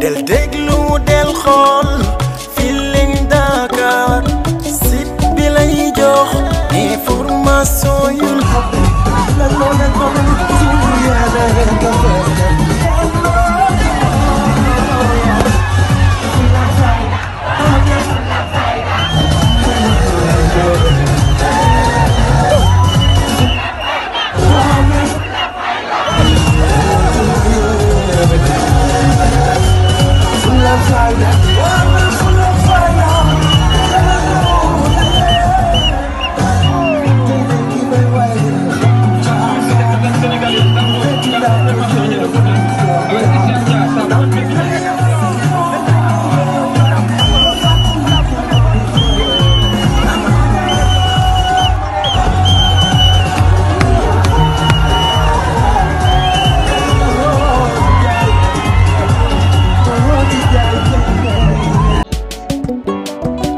del déglu del xool Feeling Dakar site bi lay jox information yu I'm tired